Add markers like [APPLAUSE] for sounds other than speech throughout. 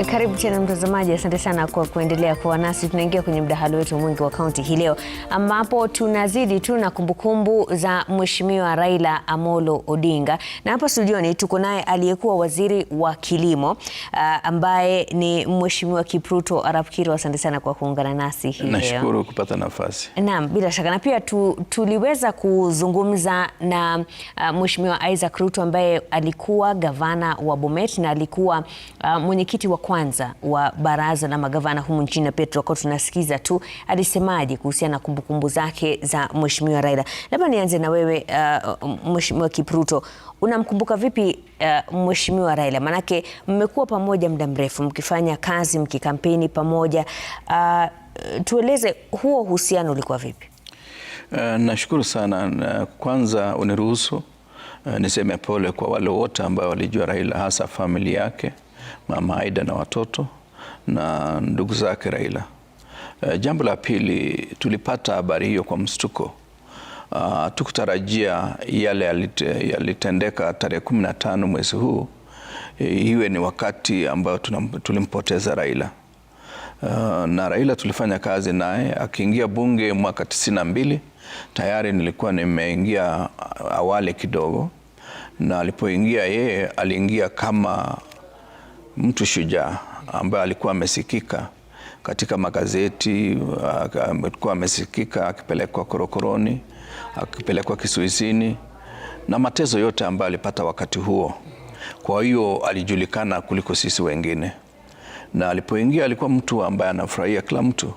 Eh, karibu tena mtazamaji, asante sana kwa kuendelea kuwa nasi. Tunaingia kwenye mdahalo wetu mwingi wa kaunti hii leo, ambapo tunazidi tu na kumbukumbu za Mheshimiwa Raila Amolo Odinga, na hapa studioni tuko naye aliyekuwa waziri wa kilimo uh, ambaye ni Mheshimiwa Kipruto Arap Asante sana kwa kuungana nasi hii leo. Nashukuru kupata nafasi. Naam, bila shaka na pia tu, tuliweza kuzungumza na uh, Mheshimiwa Isaac Ruto ambaye alikuwa gavana wa Bomet na alikuwa uh, mwenyekiti wa kwanza wa baraza la magavana humu nchini na Petro kwa tunasikiza tu alisemaje kuhusiana na kumbukumbu zake za Mheshimiwa Raila. Labda nianze na wewe uh, Mheshimiwa Kipruto, unamkumbuka vipi uh, Mheshimiwa Raila? Maanake mmekuwa pamoja muda mrefu mkifanya kazi mkikampeni pamoja uh, tueleze huo uhusiano ulikuwa vipi? Uh, nashukuru sana. Kwanza uniruhusu uh, niseme pole kwa wale wote ambao walijua Raila, hasa familia yake mama Aida na watoto na ndugu zake Raila. Uh, jambo la pili, tulipata habari hiyo kwa mshtuko. Uh, ah, tukutarajia yale yalitendeka tarehe kumi na tano mwezi huu eh, iwe ni wakati ambao tulimpoteza Raila. Uh, na Raila tulifanya kazi naye akiingia bunge mwaka tisini na mbili. Tayari nilikuwa nimeingia ah, awali kidogo, na alipoingia yeye aliingia kama mtu shujaa ambaye alikuwa amesikika katika magazeti, alikuwa amesikika akipelekwa korokoroni, akipelekwa kizuizini na matezo yote ambayo alipata wakati huo. Kwa hiyo alijulikana kuliko sisi wengine, na alipoingia alikuwa mtu ambaye anafurahia kila mtu.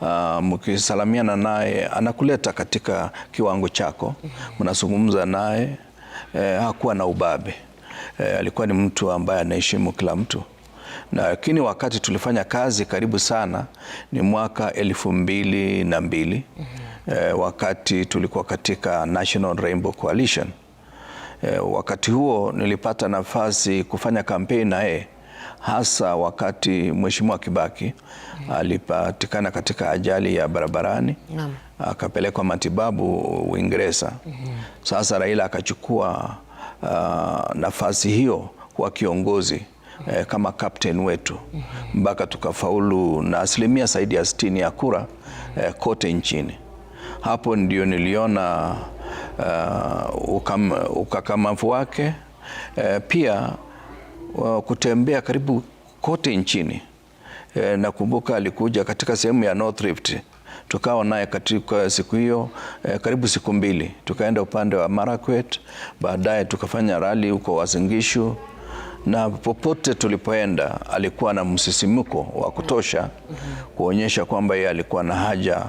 Uh, mkisalamiana naye anakuleta katika kiwango chako, mnazungumza naye eh, hakuwa na ubabe e, alikuwa ni mtu ambaye anaheshimu kila mtu na lakini wakati tulifanya kazi karibu sana ni mwaka elfu mbili na mbili mm -hmm. E, wakati tulikuwa katika National Rainbow Coalition e, wakati huo nilipata nafasi kufanya kampeni na yeye hasa wakati Mheshimiwa Kibaki mm -hmm. alipatikana katika ajali ya barabarani mm -hmm. akapelekwa matibabu Uingereza mm -hmm. Sasa Raila akachukua uh, nafasi hiyo kwa kiongozi eh, kama captain wetu mpaka tukafaulu na asilimia zaidi ya sitini ya kura eh, kote nchini. Hapo ndio niliona uh, ukam, ukakamavu wake eh, pia uh, kutembea karibu kote nchini eh, nakumbuka alikuja katika sehemu ya North Rift Tukawa naye katika siku hiyo eh, karibu siku mbili. Tukaenda upande wa Marakwet, baadaye tukafanya rali huko Wazingishu na popote tulipoenda alikuwa na msisimko wa kutosha kuonyesha kwamba yeye alikuwa na haja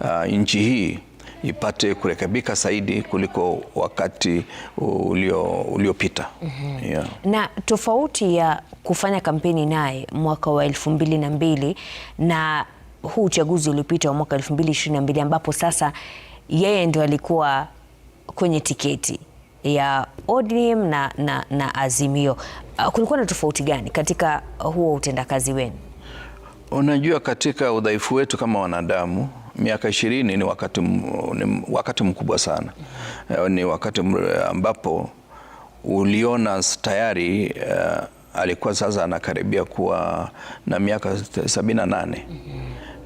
uh, nchi hii ipate kurekebika zaidi kuliko wakati uliopita -hmm. yeah. Na tofauti ya kufanya kampeni naye mwaka wa elfu mbili na mbili na huu uchaguzi uliopita wa mwaka 2022 ambapo sasa yeye ndio alikuwa kwenye tiketi ya ODM na, na, na Azimio. Ah, kulikuwa na tofauti gani katika huo utendakazi wenu? Unajua, katika udhaifu wetu kama wanadamu miaka ishirini ni wakati, ni wakati mkubwa sana, eh, ni wakati ambapo uliona tayari uh, alikuwa sasa anakaribia kuwa na miaka sabini na nane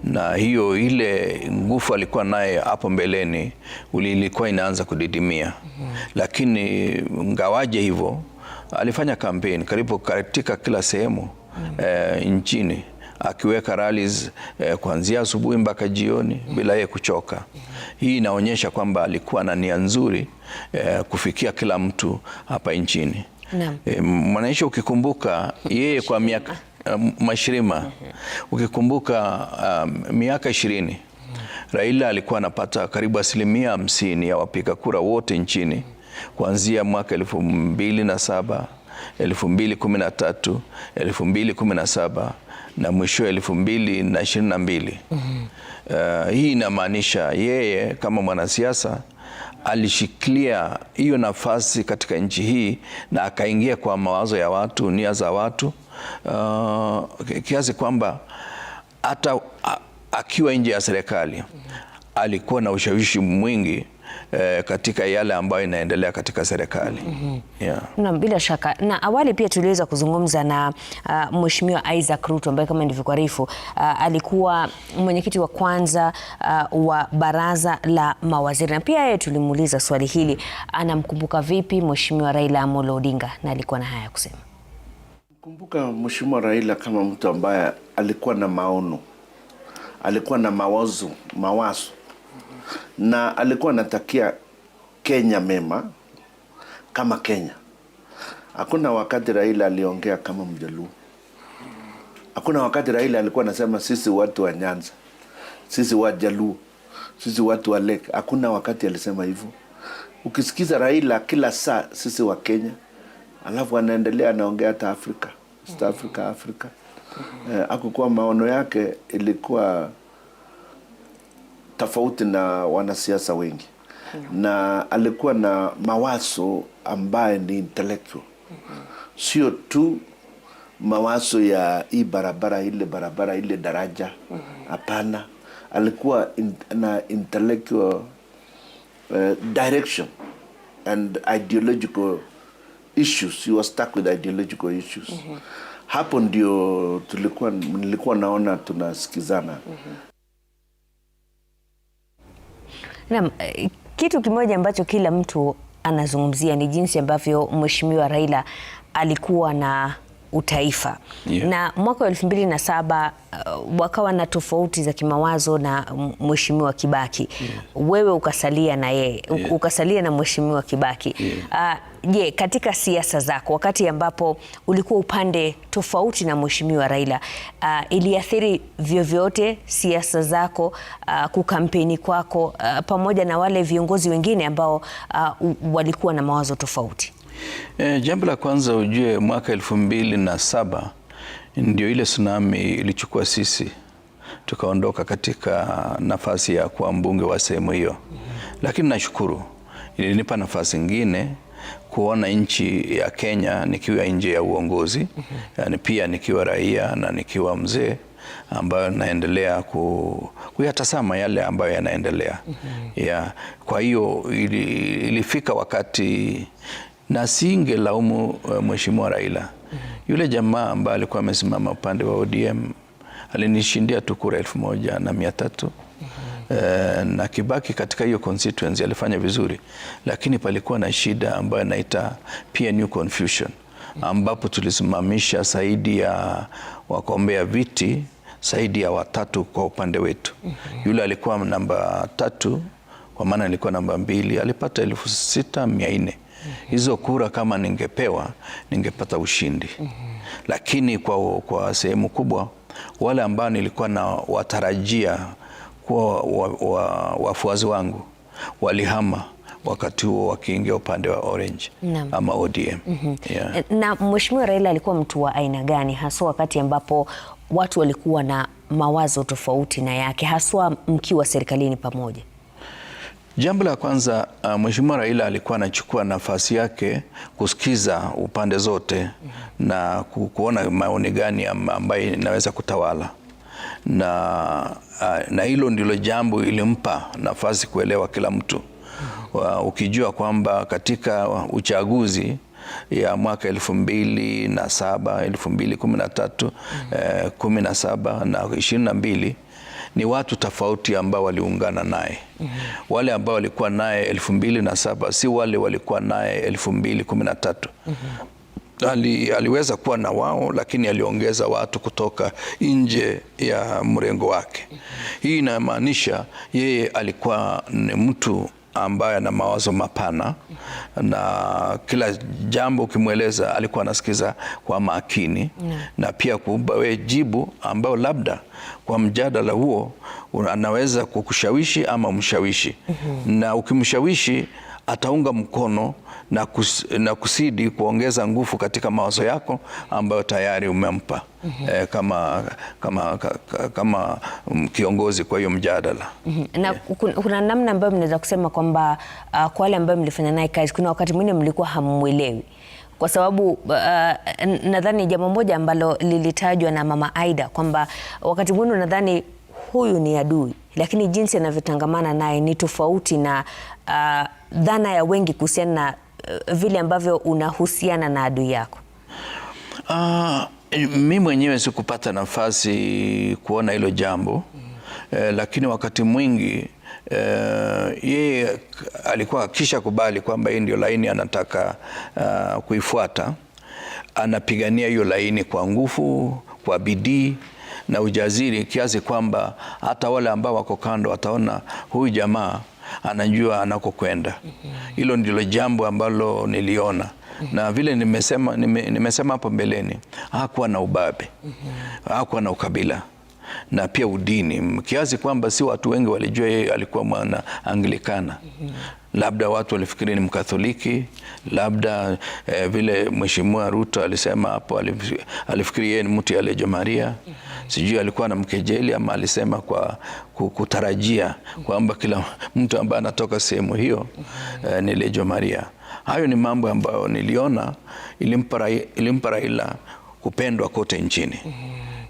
na hiyo ile nguvu alikuwa naye hapo mbeleni ilikuwa inaanza kudidimia. mm -hmm. Lakini ngawaje hivyo, alifanya kampeni karibu katika kila sehemu mm -hmm. e, nchini akiweka rallies eh, kuanzia asubuhi mpaka jioni bila yeye kuchoka. Hii inaonyesha kwamba alikuwa na nia nzuri eh, kufikia kila mtu hapa nchini. Naam. Eh, mwananchi ukikumbuka yeye kwa miaka Um, mashirima ukikumbuka, um, miaka ishirini Raila alikuwa anapata karibu asilimia hamsini ya wapiga kura wote nchini kuanzia mwaka elfu mbili na saba elfu mbili kumi na tatu elfu mbili kumi na saba na mwisho elfu mbili na ishirini na mbili. Mm-hmm. Uh, hii inamaanisha yeye kama mwanasiasa alishikilia hiyo nafasi katika nchi hii na akaingia kwa mawazo ya watu, nia za watu uh, kiasi kwamba hata akiwa nje ya serikali alikuwa na ushawishi mwingi eh, katika yale ambayo inaendelea katika serikali mm -hmm. yeah. Na bila shaka na awali pia tuliweza kuzungumza na uh, Mheshimiwa Isaac Ruto ambaye kama nilivyokuarifu uh, alikuwa mwenyekiti wa kwanza uh, wa baraza la mawaziri na pia yeye tulimuuliza swali hili, anamkumbuka vipi Mheshimiwa Raila Amolo Odinga na alikuwa na haya ya kusema. Kumbuka Mheshimiwa Raila kama mtu ambaye alikuwa na maono, alikuwa na mawazo mawazo na alikuwa anatakia Kenya mema kama Kenya. Hakuna wakati Raila aliongea kama Mjaluo. Hakuna wakati Raila alikuwa anasema sisi watu wa Nyanza, sisi Jaluo, sisi watu wa Lake. Hakuna wakati alisema hivyo. Ukisikiza Raila kila saa sisi wa Kenya, alafu anaendelea anaongea hata Afrika, East Africa, Afrika. Eh, akukuwa maono yake ilikuwa tofauti na wanasiasa wengi mm. -hmm. na alikuwa na mawazo ambaye ni intellectual mm -hmm. sio tu mawazo ya hii barabara ile barabara ile daraja mm-hmm. hapana. mm -hmm. alikuwa in, na intellectual uh, direction and ideological issues. He was stuck with ideological issues. mm -hmm. Hapo ndio tulikuwa nilikuwa naona tunasikizana. mm -hmm. Naam, kitu kimoja ambacho kila mtu anazungumzia ni jinsi ambavyo Mheshimiwa Raila alikuwa na utaifa yeah. Na mwaka wa elfu mbili na saba uh, wakawa na tofauti za kimawazo na mheshimiwa Kibaki yeah. Wewe ukasalia na yeye yeah. Ukasalia na mheshimiwa Kibaki je? Yeah. Uh, je, katika siasa zako wakati ambapo ulikuwa upande tofauti na mheshimiwa Raila uh, iliathiri vyovyote siasa zako uh, kukampeni kwako uh, pamoja na wale viongozi wengine ambao uh, walikuwa na mawazo tofauti? E, jambo la kwanza ujue, mwaka elfu mbili na saba ndio ile tsunami ilichukua sisi tukaondoka katika nafasi ya kuwa mbunge wa sehemu hiyo, lakini nashukuru ilinipa nafasi nyingine kuona nchi ya Kenya nikiwa nje ya uongozi Yani pia nikiwa raia na nikiwa mzee ambayo naendelea ku, kuyatasama yale ambayo yanaendelea mm -hmm. yeah. Kwa hiyo ilifika wakati na singelaumu uh, mheshimiwa Raila mm -hmm. Yule jamaa ambaye alikuwa amesimama upande wa ODM alinishindia tu kura elfu moja na mia tatu mm -hmm. uh, na Kibaki katika hiyo constituency alifanya vizuri, lakini palikuwa na shida ambayo inaita PNU confusion ambapo tulisimamisha zaidi ya wagombea viti zaidi ya watatu kwa upande wetu. Yule alikuwa namba tatu, kwa maana alikuwa namba mbili, alipata elfu sita mia nne hizo kura kama ningepewa ningepata ushindi. Lakini kwa, kwa sehemu kubwa wale ambao nilikuwa na watarajia kuwa wafuazi wa, wa, wa wangu walihama wakati huo wakiingia upande wa Orange na ama ODM. mm -hmm. yeah. Eh, na Mheshimiwa Raila alikuwa mtu wa aina gani haswa wakati ambapo watu walikuwa na mawazo tofauti na yake haswa mkiwa serikalini pamoja? Jambo la kwanza uh, Mheshimiwa Raila alikuwa anachukua nafasi yake kusikiza upande zote na kuona maoni gani ambayo inaweza kutawala na uh, na hilo ndilo jambo ilimpa nafasi kuelewa kila mtu uh, ukijua kwamba katika uchaguzi ya mwaka elfu mbili na saba elfu mbili kumi na tatu eh, kumi na saba na ishirini na mbili ni watu tofauti ambao waliungana naye mm -hmm. Wale ambao walikuwa naye elfu mbili na saba si wale walikuwa naye elfu mbili kumi na tatu mm -hmm. Ali, aliweza kuwa na wao lakini aliongeza watu kutoka nje ya mrengo wake. Mm-hmm. Hii inamaanisha yeye alikuwa ni mtu ambaye ana mawazo mapana na kila jambo ukimweleza alikuwa anasikiza kwa makini na, na pia kumpa wewe jibu ambayo labda kwa mjadala huo anaweza kukushawishi ama umshawishi, mm-hmm. na ukimshawishi ataunga mkono na, kus, na kusidi kuongeza nguvu katika mawazo yako ambayo tayari umempa mm -hmm. E, kama, kama, kama mm, kiongozi kwa hiyo mjadala mm -hmm. na yeah. Kuna namna ambayo mnaweza kusema kwamba uh, kwa wale ambayo mlifanya naye kazi, kuna wakati mwingine mlikuwa hamwelewi kwa sababu uh, nadhani jambo moja ambalo lilitajwa na Mama Aida kwamba wakati mwingine nadhani huyu ni adui, lakini jinsi anavyotangamana naye ni tofauti na uh, dhana ya wengi kuhusiana na uh, vile ambavyo unahusiana na adui yako? Uh, mi mwenyewe sikupata nafasi kuona hilo jambo mm. Eh, lakini wakati mwingi eh, yeye alikuwa akisha kubali kwamba hii ndio laini anataka uh, kuifuata, anapigania hiyo laini kwa nguvu, kwa bidii na ujaziri kiasi kwamba hata wale ambao wako kando wataona huyu jamaa anajua anakokwenda. Hilo ndilo jambo ambalo niliona na vile nimesema, nime, nimesema hapo mbeleni, hakuwa na ubabe, hakuwa na ukabila na pia udini, kiasi kwamba si watu wengi walijua yeye alikuwa mwana Anglikana. Labda watu walifikiri ni Mkatholiki labda eh, vile Mheshimiwa Ruto alisema hapo, alifikiri yeye ni mtu aliyejo Maria, sijui alikuwa na mkejeli ama alisema kwa kutarajia kwamba kila mtu ambaye anatoka sehemu hiyo eh, ni lejo Maria. Hayo ni mambo ambayo niliona ilimpa Raila kupendwa kote nchini.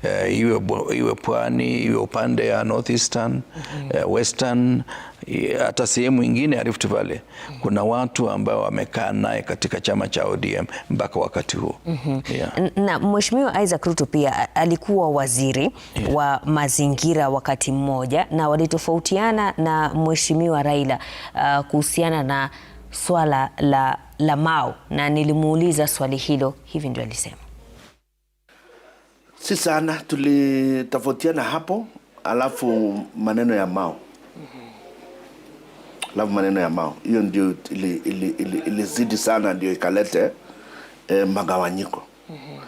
Uh, iwe, iwe pwani iwe upande ya northeastern, mm -hmm. uh, western hata sehemu ingine ya Rift Valley kuna watu ambao wamekaa naye katika chama cha ODM mpaka wakati huo. mm -hmm. yeah. na Mheshimiwa Isaac Ruto pia alikuwa waziri yeah. wa mazingira wakati mmoja, na walitofautiana na Mheshimiwa Raila uh, kuhusiana na swala la, la Mau, na nilimuuliza swali hilo, hivi ndio alisema. Si sana tulitofautiana hapo, alafu maneno ya Mau alafu maneno ya Mao. Hiyo ndio ilizidi ili, ili, ili sana, ndio ikalete eh, magawanyiko mm -hmm.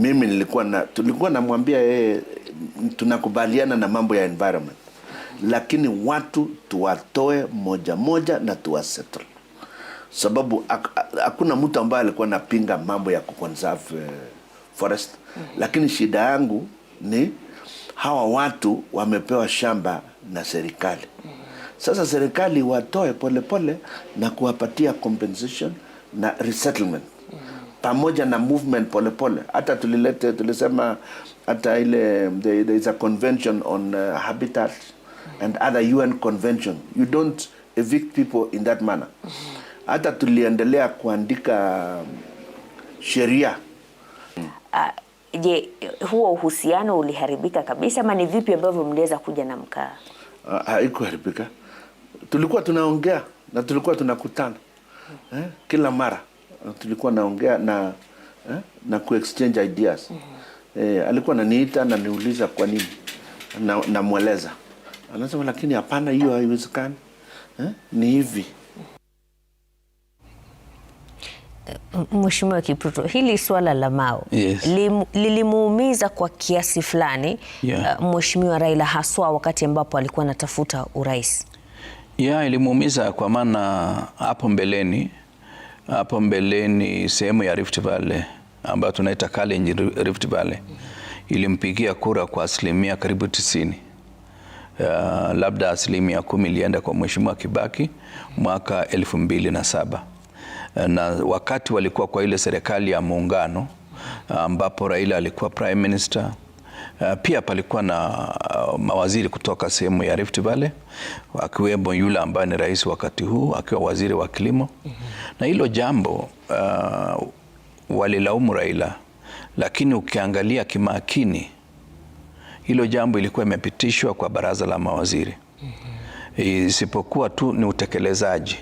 Mimi nilikuwa na tulikuwa namwambia yeye eh, tunakubaliana na mambo ya environment mm -hmm. Lakini watu tuwatoe moja moja na tuwasettle, sababu hakuna mtu ambaye alikuwa napinga mambo ya kuconserve eh, forest mm -hmm. Lakini shida yangu ni hawa watu wamepewa shamba na serikali mm -hmm. Sasa serikali watoe polepole na kuwapatia compensation na resettlement pamoja na movement polepole. Hata tulilete tulisema, hata ile there there is a convention on uh, habitat and other UN convention you don't evict people in that manner. Hata tuliendelea kuandika um, sheria. Uh, je, huo uhusiano uliharibika kabisa ama ni vipi ambavyo mliweza kuja na mkaa? Uh, haikuharibika tulikuwa tunaongea na tulikuwa tunakutana eh, kila mara tulikuwa naongea na eh, na exchange ideas mm-hmm. eh, alikuwa ananiita na niuliza kwa nini, na namweleza, anasema lakini hapana, hiyo haiwezekani eh, ni hivi. Eh, Mheshimiwa Kipruto, hili swala la mao yes, lilimuumiza kwa kiasi fulani yeah, eh, Mheshimiwa Raila haswa wakati ambapo alikuwa anatafuta urais ya ilimuumiza kwa maana hapo mbeleni hapo mbeleni sehemu ya Rift Valley ambayo tunaita Kalenjin Rift Valley ilimpigia kura kwa asilimia karibu tisini. Uh, labda asilimia kumi ilienda kwa Mheshimiwa Kibaki mwaka elfu mbili na saba na wakati walikuwa kwa ile serikali ya muungano ambapo Raila alikuwa prime minister Eh, pia palikuwa na eh, mawaziri kutoka sehemu ya Rift Valley akiwemo yule ambaye ni rais wakati huu akiwa waziri wa kilimo mm -hmm. Na hilo jambo uh, walilaumu Raila, lakini ukiangalia kimakini hilo jambo ilikuwa imepitishwa kwa baraza la mawaziri mm -hmm. Isipokuwa tu ni utekelezaji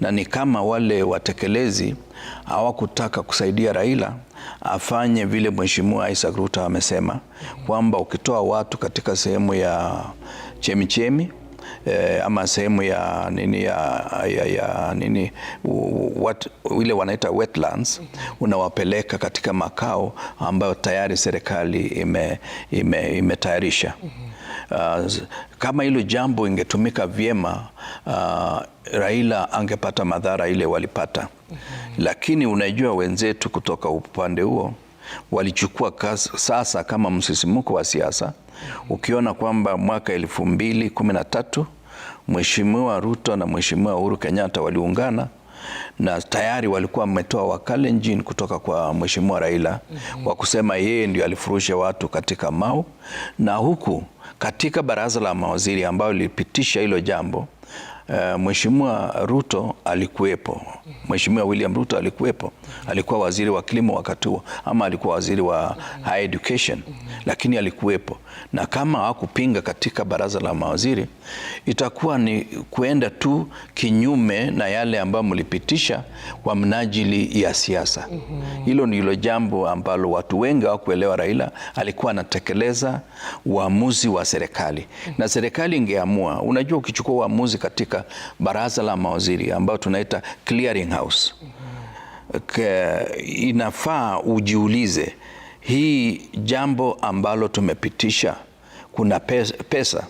na ni kama wale watekelezi hawakutaka kusaidia Raila afanye vile Mheshimiwa Isaac Ruto amesema kwamba ukitoa watu katika sehemu ya chemichemi E, ama sehemu ya nini ya, ya, ya nini ile wanaita wetlands unawapeleka katika makao ambayo tayari serikali imetayarisha ime, ime Uh, kama hilo jambo ingetumika vyema, uh, Raila angepata madhara ile walipata. Lakini unajua wenzetu kutoka upande huo walichukua kasa, sasa kama msisimuko wa siasa. Ukiona kwamba mwaka elfu mbili kumi na tatu Mheshimiwa Ruto na Mheshimiwa Uhuru Kenyatta waliungana na tayari walikuwa wametoa wakalenjin kutoka kwa Mheshimiwa Raila mm -hmm. wa kusema yeye ndio alifurusha watu katika Mau na huku katika baraza la mawaziri ambayo lilipitisha hilo jambo Eh, Mheshimiwa Ruto alikuwepo, Mheshimiwa William Ruto alikuwepo, alikuwa waziri wa kilimo wakati huo, ama alikuwa waziri wa higher education, lakini alikuwepo. Na kama hawakupinga katika baraza la mawaziri, itakuwa ni kuenda tu kinyume na yale ambayo mlipitisha kwa mnajili ya siasa. Hilo ndilo jambo ambalo watu wengi hawakuelewa. Raila alikuwa anatekeleza uamuzi wa serikali, na serikali ingeamua. Unajua, ukichukua uamuzi katika katika baraza la mawaziri ambayo tunaita clearing house. Inafaa ujiulize hii jambo ambalo tumepitisha, kuna pesa, pesa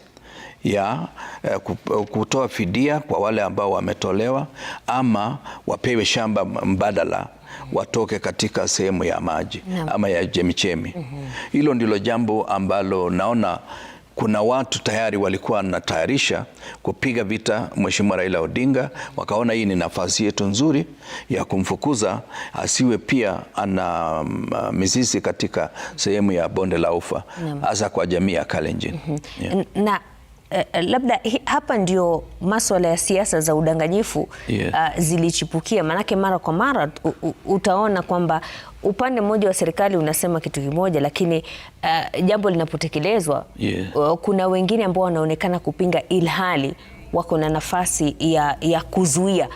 ya eh, kutoa fidia kwa wale ambao wametolewa ama wapewe shamba mbadala watoke katika sehemu ya maji ama ya chemichemi. Mm-hmm. Hilo ndilo jambo ambalo naona kuna watu tayari walikuwa wanatayarisha kupiga vita Mheshimiwa Raila Odinga, wakaona hii ni nafasi yetu nzuri ya kumfukuza asiwe pia ana mm, mizizi katika sehemu ya bonde la Ufa, hasa kwa jamii ya Kalenjin. mm -hmm. yeah. na Eh, eh, labda hapa ndio maswala ya siasa za udanganyifu yeah. uh, zilichipukia, maanake mara kwa mara utaona kwamba upande mmoja wa serikali unasema kitu kimoja, lakini uh, jambo linapotekelezwa yeah. uh, kuna wengine ambao wanaonekana kupinga ilhali wako na nafasi ya, ya kuzuia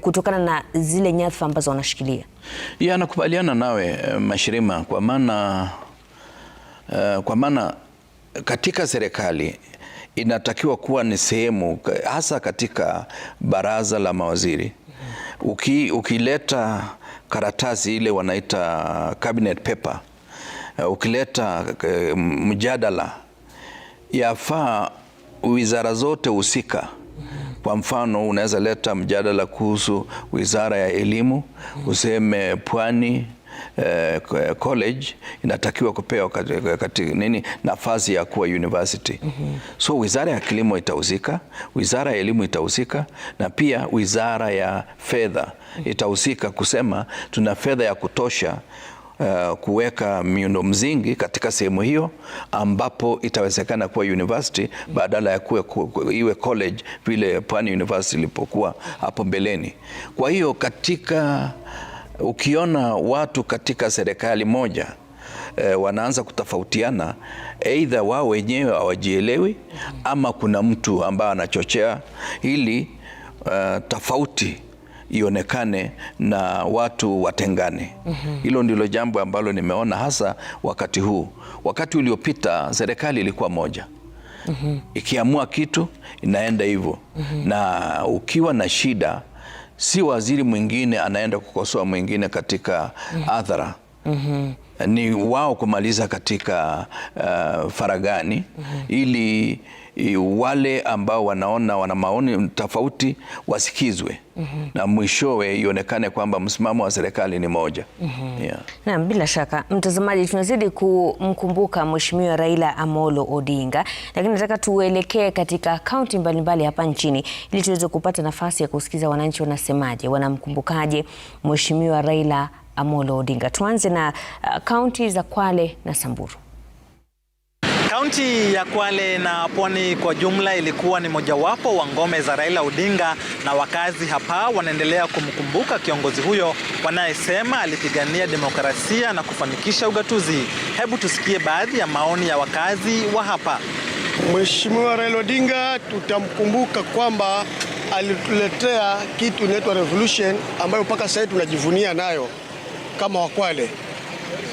kutokana na zile nyadhifa ambazo wanashikilia. Yeah, nakubaliana nawe Mashirima, kwa maana uh, kwa maana katika serikali inatakiwa kuwa ni sehemu hasa katika baraza la mawaziri. Uki, ukileta karatasi ile wanaita cabinet paper, eh, ukileta eh, mjadala, yafaa wizara zote husika kwa mfano unaweza leta mjadala kuhusu wizara ya elimu, useme pwani, Eh, college inatakiwa kupewa kati, nini nafasi ya kuwa university mm -hmm. So wizara ya kilimo itahusika, wizara ya elimu itahusika, na pia wizara ya fedha itahusika kusema tuna fedha ya kutosha Uh, kuweka miundo mzingi katika sehemu hiyo ambapo itawezekana kuwa university badala ya kuwe, kuwe, iwe college vile Pwani University ilipokuwa hapo mbeleni. Kwa hiyo katika ukiona watu katika serikali moja e, wanaanza kutafautiana, aidha wao wenyewe hawajielewi ama kuna mtu ambaye anachochea ili uh, tofauti ionekane na watu watengane. mm hilo Ndilo jambo ambalo nimeona hasa wakati huu. Wakati uliopita serikali ilikuwa moja mm -hmm. Ikiamua kitu inaenda hivyo mm -hmm. na ukiwa na shida si waziri mwingine anaenda kukosoa mwingine katika hadhara Mm -hmm. Ni wao kumaliza katika uh, faragani mm -hmm. ili wale ambao wanaona wana maoni tofauti wasikizwe mm -hmm. na mwishowe ionekane kwamba msimamo wa serikali ni moja mm -hmm. yeah. Naam, bila shaka mtazamaji, tunazidi kumkumbuka Mheshimiwa Raila Amolo Odinga, lakini nataka tuelekee katika kaunti mbalimbali hapa nchini ili tuweze kupata nafasi ya kusikiza wananchi wanasemaje, wanamkumbukaje Mheshimiwa Raila Amolo Odinga. Tuanze na uh, kaunti uh, za Kwale na Samburu. Kaunti ya Kwale na Pwani kwa jumla ilikuwa ni mojawapo wa ngome za Raila Odinga, na wakazi hapa wanaendelea kumkumbuka kiongozi huyo wanayesema alipigania demokrasia na kufanikisha ugatuzi. Hebu tusikie baadhi ya maoni ya wakazi wa hapa. Mheshimiwa Raila Odinga tutamkumbuka kwamba alituletea kitu inaitwa revolution ambayo mpaka sasa hivi tunajivunia nayo kama Wakwale.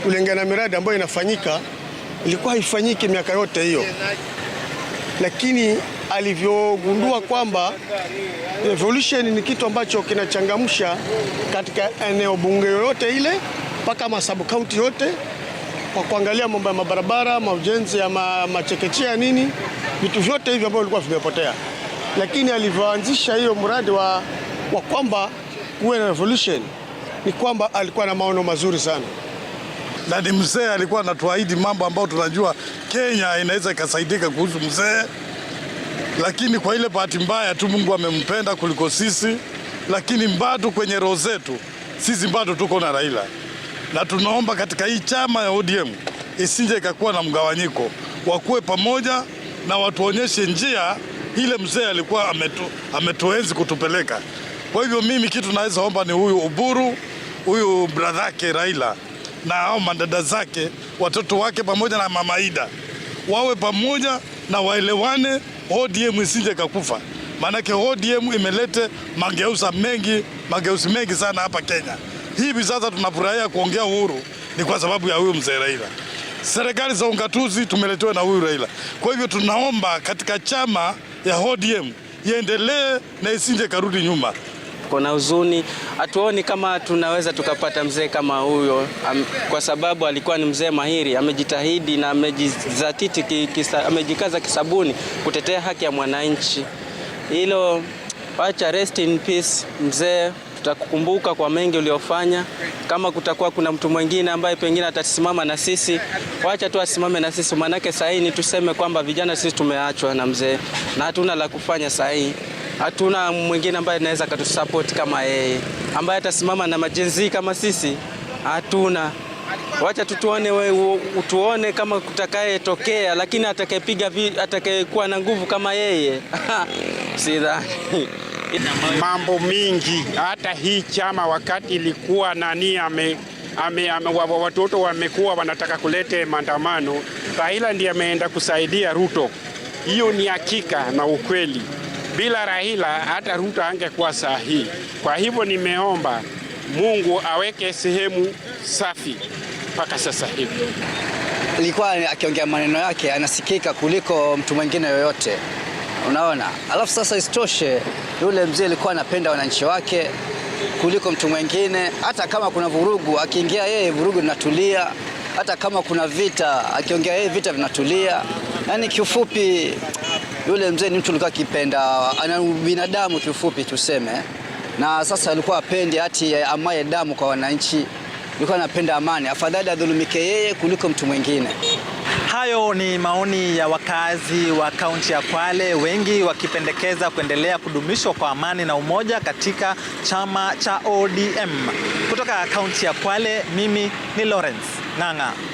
Kulingana na miradi ambayo inafanyika ilikuwa haifanyiki miaka yote hiyo, lakini alivyogundua kwamba revolution ni kitu ambacho kinachangamsha katika eneo bunge yoyote ile mpaka masabu kaunti yote, kwa kuangalia mambo ya mabarabara, maujenzi ya ma, machekechea nini, vitu vyote hivyo ambavyo vilikuwa vimepotea, lakini alivyoanzisha hiyo mradi wa, wa kwamba kuwe na revolution ni kwamba alikuwa na maono mazuri sana na ni mzee alikuwa anatuahidi mambo ambayo tunajua Kenya inaweza ikasaidika kuhusu mzee, lakini kwa ile bahati mbaya tu Mungu amempenda kuliko sisi, lakini bado kwenye roho zetu sisi bado tuko na Raila, na tunaomba katika hii chama ya ODM isinje ikakuwa na mgawanyiko, wakuwe pamoja na watuonyeshe njia ile mzee alikuwa ametu, ametuenzi kutupeleka. Kwa hivyo mimi kitu naweza omba ni huyu Uburu, huyu bradhake Raila na hao madada zake, watoto wake pamoja na mama Ida wawe pamoja na waelewane, ODM isije kakufa. Maanake ODM imelete mageuza mengi, mageuzi mengi sana hapa Kenya. Hivi sasa tunafurahia kuongea uhuru ni kwa sababu ya huyu mzee Raila. Serikali za ungatuzi tumeletewa na huyu Raila. Kwa hivyo tunaomba katika chama ya ODM iendelee na isije karudi nyuma tuko na huzuni, hatuoni kama tunaweza tukapata mzee kama huyo am, kwa sababu alikuwa ni mzee mahiri, amejitahidi na amejizatiti ki, kisa, amejikaza kisabuni kutetea haki ya mwananchi. Hilo wacha, rest in peace mzee, tutakukumbuka kwa mengi uliofanya. Kama kutakuwa kuna mtu mwingine ambaye pengine atasimama na sisi, wacha tu asimame na sisi, maanake sahii ni tuseme kwamba vijana sisi tumeachwa na mzee na hatuna la kufanya sahii hatuna mwingine ambaye anaweza akatusapoti kama yeye, ambaye atasimama na majenzii kama sisi hatuna. Wacha tutuone, we, utuone kama kutakayetokea, lakini atakayepiga atakayekuwa na nguvu kama yeye [LAUGHS] sidhani mambo mingi. Hata hii chama wakati ilikuwa nani ame Ame, ame, watoto wamekuwa wanataka kulete maandamano, Raila ndiye ameenda kusaidia Ruto. Hiyo ni hakika na ukweli. Bila Raila hata Ruto angekuwa sahihi. Kwa hivyo nimeomba Mungu aweke sehemu safi mpaka sasa hivi. likuwa akiongea maneno yake anasikika kuliko mtu mwingine yoyote, unaona. Alafu sasa isitoshe, yule mzee alikuwa anapenda wananchi wake kuliko mtu mwingine. Hata kama kuna vurugu, akiingia yeye vurugu inatulia. Hata kama kuna vita, akiongea yeye vita vinatulia. Yaani kiufupi yule mzee ni mtu alikuwa akipenda ana binadamu kifupi tuseme, na sasa alikuwa apende hati amaye damu kwa wananchi, alikuwa anapenda amani, afadhali adhulumike yeye kuliko mtu mwingine. Hayo ni maoni ya wakazi wa kaunti ya Kwale, wengi wakipendekeza kuendelea kudumishwa kwa amani na umoja katika chama cha ODM. Kutoka kaunti ya Kwale, mimi ni Lawrence Ng'ang'a.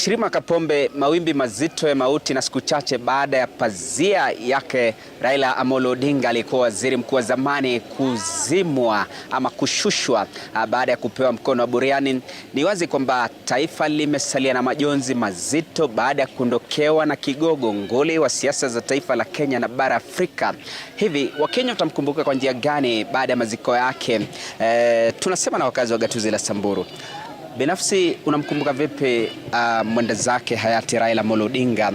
Shirima Kapombe, mawimbi mazito ya mauti, na siku chache baada ya pazia yake Raila Amolo Odinga aliyekuwa waziri mkuu wa zamani kuzimwa ama kushushwa ah, baada ya kupewa mkono wa buriani, ni wazi kwamba taifa limesalia na majonzi mazito baada ya kuondokewa na kigogo nguli wa siasa za taifa la Kenya na bara Afrika. Hivi Wakenya watamkumbuka kwa njia gani baada ya maziko yake? E, tunasema na wakazi wa gatuzi la Samburu. Binafsi unamkumbuka vipi uh, mwenda zake hayati Raila Amolo Odinga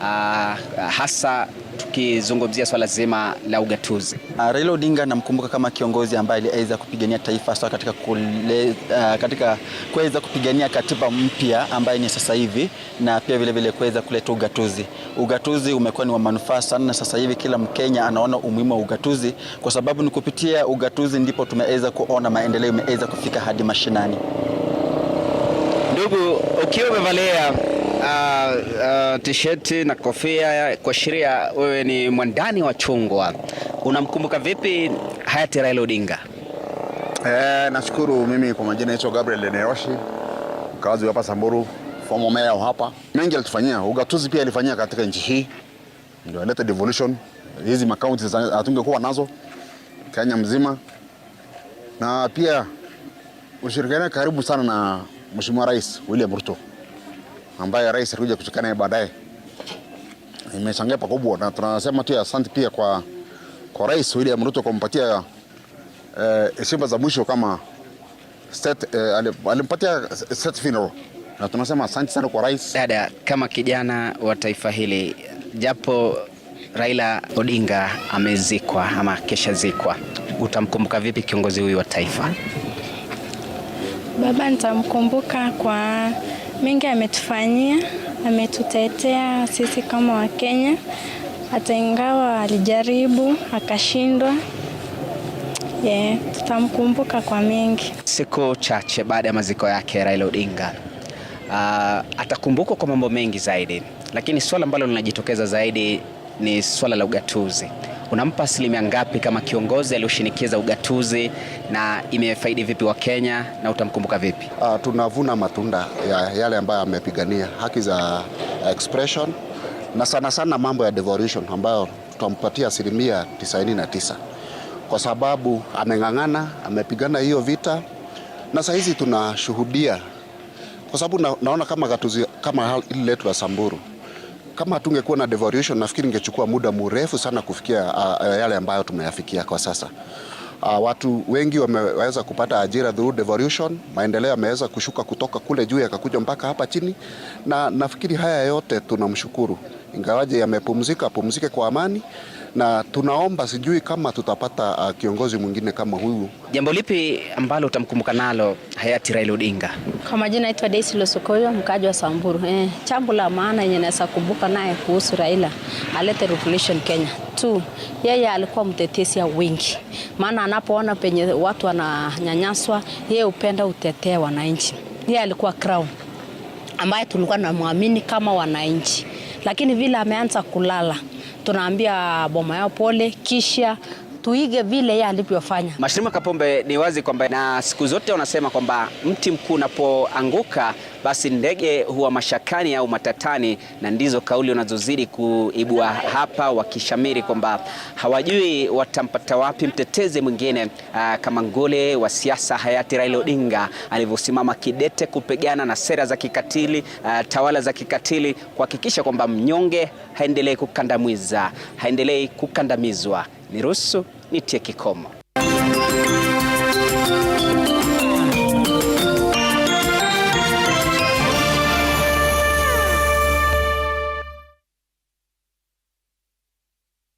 uh, hasa tukizungumzia swala zima la ugatuzi? Uh, Raila Odinga namkumbuka kama kiongozi ambaye aliweza kupigania taifa hasa katika kule, uh, katika kuweza kupigania katiba mpya ambaye ni sasa hivi na pia vile vile kuweza kuleta ugatuzi. Ugatuzi umekuwa ni wa manufaa sana, na sasa hivi kila Mkenya anaona umuhimu wa ugatuzi, kwa sababu ni kupitia ugatuzi ndipo tumeweza kuona maendeleo imeweza kufika hadi mashinani. Ndugu, ukiwa umevalia uh, ah, uh, ah, tisheti na kofia kuashiria wewe ni mwandani wa chungwa, unamkumbuka vipi hayati Raila Odinga? Eh, nashukuru. Mimi kwa majina naitwa Gabriel Eneoshi, mkazi hapa Samburu, former mayor hapa. Mengi alitufanyia, ugatuzi pia alifanyia katika nchi hii, ndio aleta devolution. Hizi makaunti hatungekuwa nazo Kenya mzima, na pia ushirikiana karibu sana na Mheshimiwa Rais William Ruto ambaye rais alikuja kushikana naye baadaye, imechangia pakubwa, na tunasema tu asante pia kwa, kwa Rais William Ruto kumpatia heshima eh, za mwisho kama state eh, alimpatia state funeral, na tunasema asante sana kwa rais. Dada, kama kijana wa taifa hili, japo Raila Odinga amezikwa ama keshazikwa, utamkumbuka vipi kiongozi huyu wa taifa? Baba nitamkumbuka kwa mengi ametufanyia, ametutetea sisi kama Wakenya, hata ingawa alijaribu akashindwa. Yeah, tutamkumbuka kwa mengi. Siku chache baada ya maziko yake Raila Odinga uh, atakumbukwa kwa mambo mengi zaidi, lakini swala ambalo linajitokeza zaidi ni swala la ugatuzi unampa asilimia ngapi kama kiongozi aliyoshinikiza ugatuzi na imefaidi vipi wa kenya na utamkumbuka vipi? Uh, tunavuna matunda ya yale ambayo amepigania haki za expression na sana sana mambo ya devolution ambayo tutampatia asilimia 99 kwa sababu ameng'ang'ana, amepigana hiyo vita na saa hizi tunashuhudia, kwa sababu na, naona kama gatuzi kama hili letu la Samburu kama tungekuwa na devaluation, nafikiri ingechukua muda mrefu sana kufikia uh, yale ambayo tumeyafikia kwa sasa. Uh, watu wengi wameweza kupata ajira through devaluation, maendeleo yameweza kushuka kutoka kule juu yakakuja mpaka hapa chini, na nafikiri haya yote tunamshukuru, ingawaje yamepumzika, apumzike kwa amani na tunaomba sijui kama tutapata uh, kiongozi mwingine kama huyu. Jambo lipi ambalo utamkumbuka nalo hayati Raila Odinga? Kwa majina naitwa Daisy Losokoyo, mkaji wa Samburu. Eh, jambo la maana yenye naweza kumbuka naye kuhusu Raila, alete revolution Kenya tu. Yeye alikuwa ya wingi, maana anapoona penye watu wananyanyaswa, yeye upenda utetee wananchi. Yeye alikuwa crown ambaye tulikuwa namwamini kama wananchi, lakini vile ameanza kulala tunaambia boma yao pole, kisha tuige vile yeye alivyofanya. Mashirima Kapombe, ni wazi kwamba na siku zote wanasema kwamba mti mkuu unapoanguka basi ndege huwa mashakani au matatani, na ndizo kauli wanazozidi kuibua hapa wakishamiri kwamba hawajui watampata wapi mtetezi mwingine ah, kama ngole wa siasa hayati Raila Odinga alivyosimama kidete kupigana na sera za kikatili, aa, ah, tawala za kikatili kuhakikisha kwamba mnyonge haendelei kukandamiza, haendelei kukandamizwa niruhusu nitie kikomo.